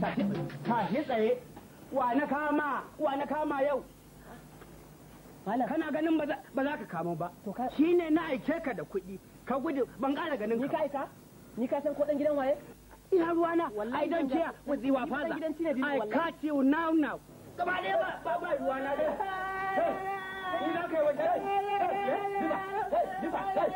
tashi tsaye wa na kama wa na kama yau kana ganin ba za ka kama ba shi ne na aike ka da kuɗi ka gudu ban ƙara ganin ka ni ka ni ka san ko dan gidan waye ina ruwana i don't care with the wafaza i catch you now now gaba ɗaya ba ba ba ruwana dai ni za ka dai. wajen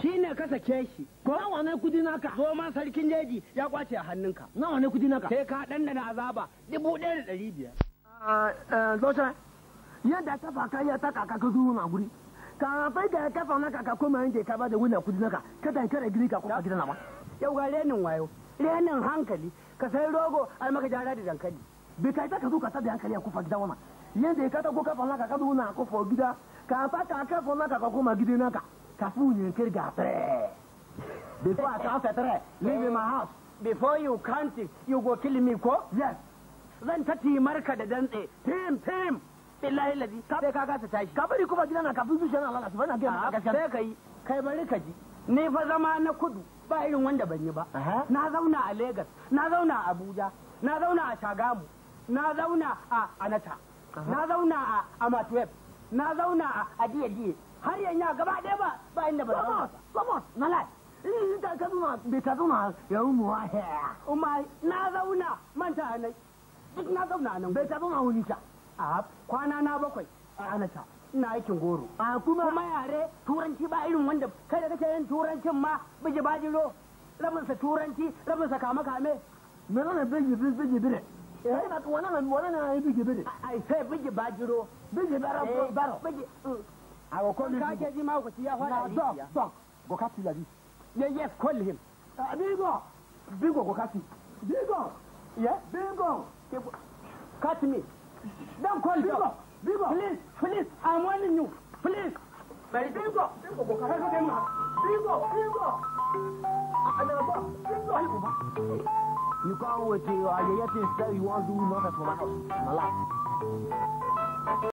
shi ne ka sake shi ko nawa ne kudi naka zo ma sarkin jeji ya kwace a hannunka nawa ne kudi naka sai ka dandana azaba dubu ɗaya da ɗari biyar ah, eh, zoce yadda kafa ka iya ta kaka ka zo na guri kafai da kafa na ka ko mai yanke ka ba da wuna kudi naka ka dan kare giri ka ko ka gidan ba yau ga renin wayo renin hankali ka sai rogo ai maka jara da dankali bai kai ta ka zo ka ta da hankali a kufa gidan wannan yadda ka ta ko kafa na ka zo na kufa gida ka fa ka kafa na ka ko ma gidan naka Kafu, you could e get three. Before I count at three, leave in my house. Before you count it, you go kill me, ko? Yes. Zan ta marka da dantse, tim, tim. Billahi lazi, ka sai ka kasa tashi. Ka bari kuma gidan ka fuzu shan Allah, subhana ga gaskiya. Sai kai, kai bari ka ji. Ni fa zama na kudu, ba irin wanda ban yi ba. Na zauna a Lagos, na zauna a Abuja, na zauna a Shagamu, na zauna a Anata, na zauna a Amatweb, na zauna a Adiye har yanya gaba ɗaya ba ba inda ba na vamos malai eh, ta ka zuma bai ka zuma ya umu wa umar na zauna manta nan duk na zauna nan bai ka zuma wuni ta a kwana na bakwai a anata ina aikin goro a kuma kuma yare turanci ba irin wanda kai da kake yin turancin ma biji bajiro rabinsa turanci rabinsa kame kame me ne biji biji bire eh ba wannan wannan ne biji bire ai sai biji bajiro biji baro eh, baro biji mm. awokɔmi kaagye di ma okoti ya hɔ na dɔk dɔk gɔkati yabi ye yes kɔli him bingo bingo gɔkati bingo ye bingo kati mi dem kɔli bingo bingo please please i'm warning you please bingo bingo gɔkati bingo bingo adanabɔ bingo ayi kuma. you come with your ayẹyẹ things that you wan do no help for my house na